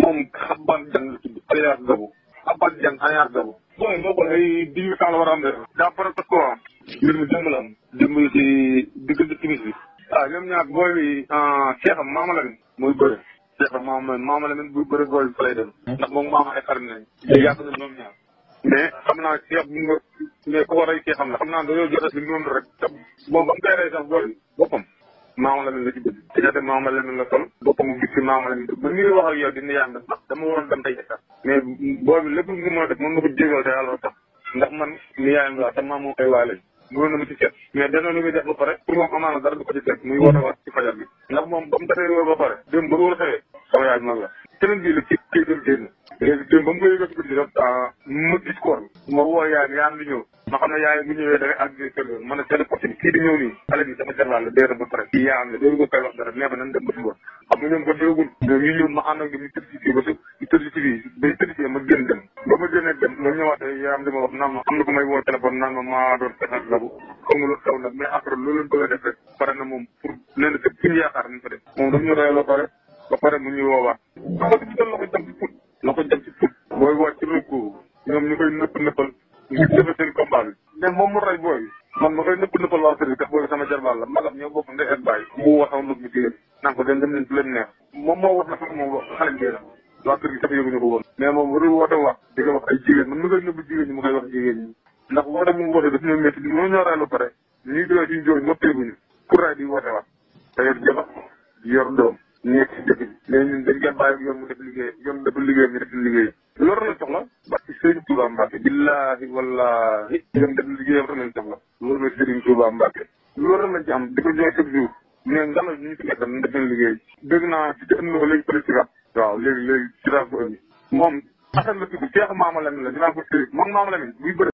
moom Xaban Dieng la tudd alias Gabou Xaban Dieng alias Gabou booy boo ko ay dix-huit ans la war a am de daa pare parce que am mbir mi démb la am démb ci diggante timis bi ah ñoom ñaar booy bi ah, Cheikh am maama la muy bëre Cheikh am maama maama la buy bëre booy bi fa lay dem ndax moom maama ay xarit nañ yàgg na ñoom ñaar mais xam naa Cheikh bi nga mais ko war ay Cheikh am la xam naa dañoo jot si moom rek boobu ba mu koy rey sax booy Lamine la ci bëgg sëñ Adama Maama Lamine la sol boppam mu a te yàlla moom ba pare pour moom ba pare dem ba loolu xewee sama yaay mag la semaine bii la ci këy dem génn léegi ba mu koy yëngatu guddi rek ah, ma gis koon ma woo yaay mi ma xam yaay bu ñëwee da ngay ma ne seen côté bi kii di ñëw nii xale la dee ba pare kii yaa am la dooñu ko koy wax dara ma nan dem ba suba xam nga ñoom ba déggul ñu ñëw ma ànd ak ñu tëdd ci fii ba su tëdd ba ma génnee dem ma ñëwaatee yaa am li ma may woo téléphone naan ma maa doon pexe labu xam nga lu xew nag mais après loolu lañ bëgg a def rek pare na moom pour nee na te fu ñu yaakaar nañ fa def ñu reyaloo pare ba la ko jëm ci put booy woo ci rëbb ñoom ñu nëpp nëppal ñu jëfe seen combat bi mais moom mu rey booy man ma koy nëpp nëppal waa sëriñ kat booy sama jarbal la magam ñoo bokk ndey ak bàyyi mu waxaw nag ñu jigéen naan ko dem dem leen neex moom moo wax na sax moom wax xale bi la waa kër gi sax yëguñu ko woon mais moom warul woote wax di ko wax ay jigéen man mi koy nëbb jigéen ñi ma koy wax jigéen ñi ndax woote mu woote daf ñoo métti ñoo ñoo raay lu pare ñuy doy ci di woote wax te yor jabar yor doom nekk ci dëkk bi léegi ñun dañ leen bàyyi ñoom mu def liggéey ñoom dafa liggéeyam ñu def liggéey loolu la soxla barke Serigne Touba Mbacke billaahi wallaahi ñoom def liggéeyam rek lañ soxla loolu la Serigne Touba Mbacke loolu lañ ci am di ko jox chaque jour mais ngelaw ñu ci wetam ñu def leen liggéey dégg naa ci am na ko léegi pële sirab waaw léegi léegi sirab ko ëndi moom asan la tudd Cheikh Maama Lamine la dinaa ko sëri moom Maama Lamine buy bëri